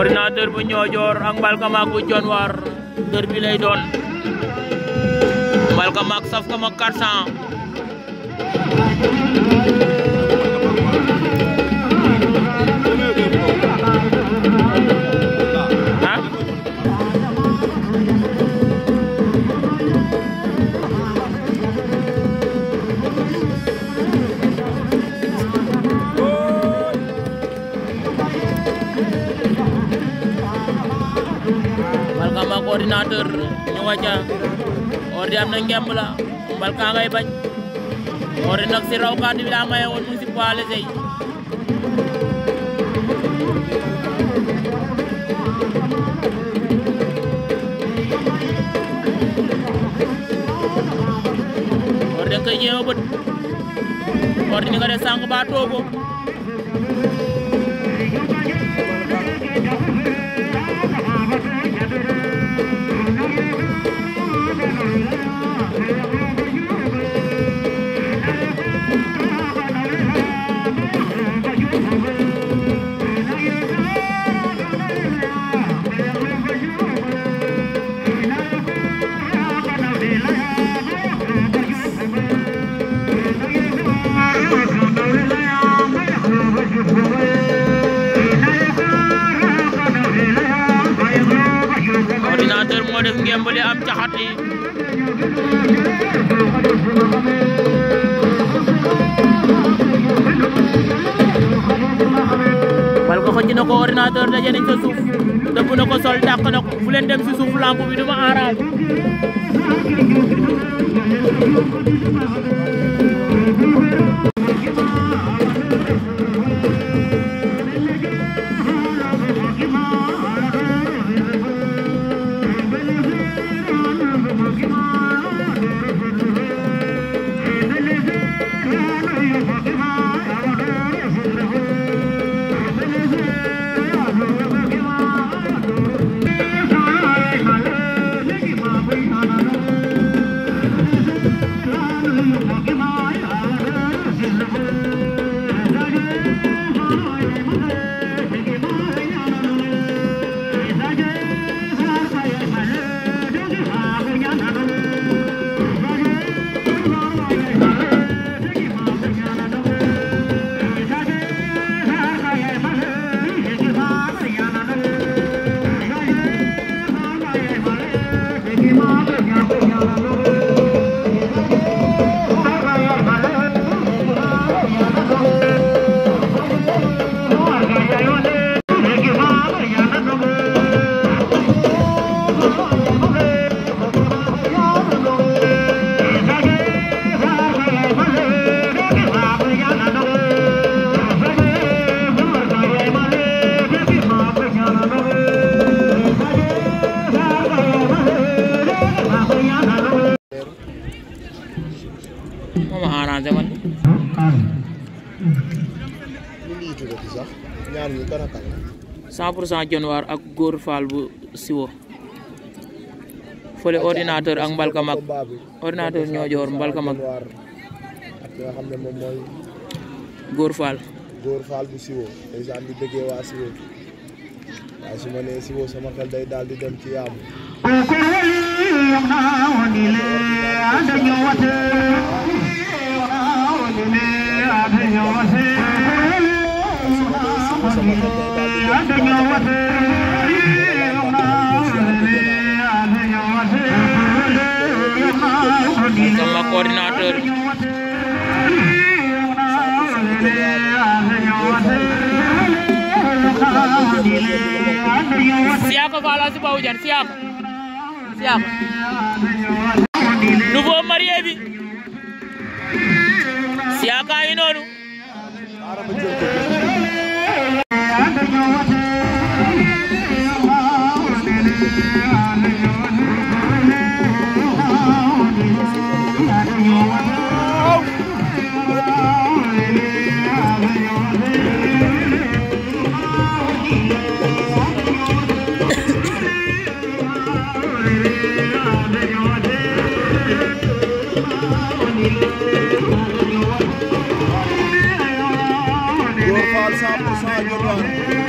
ordinateur bu Niodior ak Mbalka maak bu Dionewar war dër doon Mbalka maak saf ma 400 nañ ngemb la bal kaa ngay bañ Oré nag si raw gàddu bi daa maye woon mu ngi si poids léger yi Oré da nga koy ñëw bët Oré ni nga def sànq ba toogoo Dame Diakhaté bal ko xëcc na ko ordinateur daje nañ sa suuf dëpp na ko sol dàq na ko fu leen dem si suuf lamp bi du ma arrange cent pour ak Góor Fall bu siwo fële ordinateur ak mbalka mag ordinateur ñoo joor mbalka mag ak nga xam ne moom mooy Góor Fall Góor Fall bu siwo ndeysaan di bëggee waa siwo waaye su ma nee siwo sama xel daal di dem ci yaamu ko wali am naa woon ni le Utama Koordinator Siap kepala si Pak Hujan, siap Siap Nuvo Mariebi Siap kain onu Arab Jumbo Go falls up, Sadio Dwan.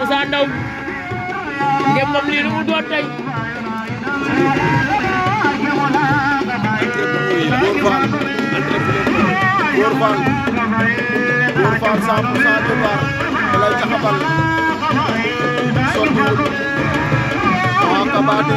Moussa Ndaw ngembam lii lu mu doon tey Góor Faal Góor Faal cent pour cent de Loire dalay jaxabal sottiwul waa Kabaate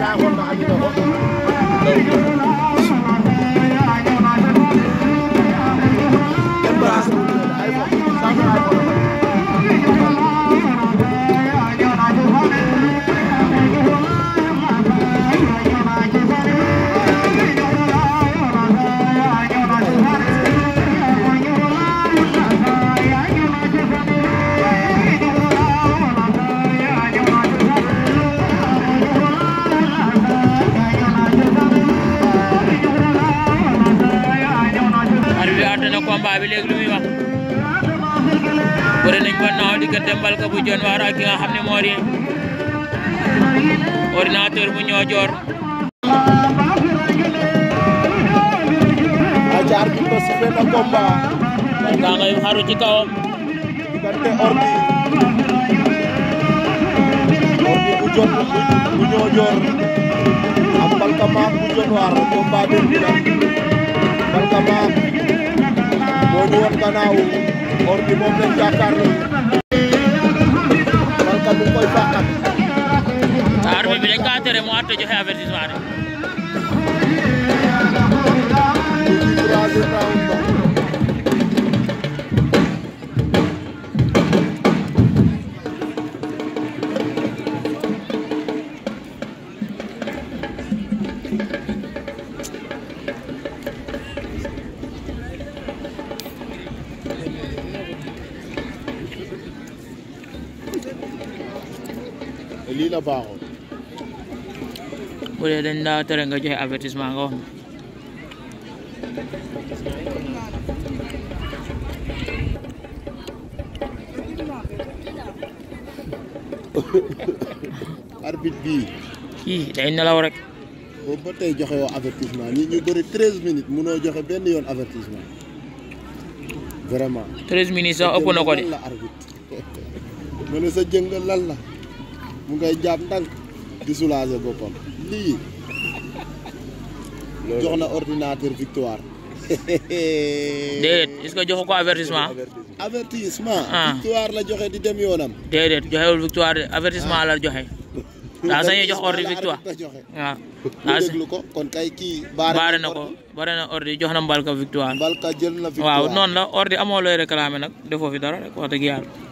laa xool ba xam ne doo ko ki nga xam ne moo di bu Niodior aca arbitre ba sifflé na combat nga ngay xaru ci kawam diggante ordi ordi bu jot bu Niodior ak Balkama bu jot waar bi la Balkama moo ñu woon ordi moom lañ jàkkaarloo mu koy faaxal. waaw arbitre bi dañ kaa tere mu àtte joxe avertissement rek. lii la baaxoo bu dee dañ laa tere nga joxe avertissement nga wax arbitre bii kii day nelaw rek boobu ba tey joxe woo avertissement nit ñu bëri treize minutes munoo joxe benn yoon avertissement vraiment treize minutes sax ëpp na ko de ma sa jëngal lan la mu ngay jàpp ndànk di soulager boppam lii jox na ordinateur victoire déedéet est-ce que joxu ko avertissement avertissement ah. victoire la joxe di dem yoonam déedéet joxewul victoire avertissement joxe ah. daa sañuy jox ordi victoire waaw daa ah. déglu ko kon kay kii baare na ko baare na ordi jox na mbalka victoire mbalka jël na victoire waaw noonu la ordi amoo looy réclamer nag defoo fi dara rek wax dëgg yàlla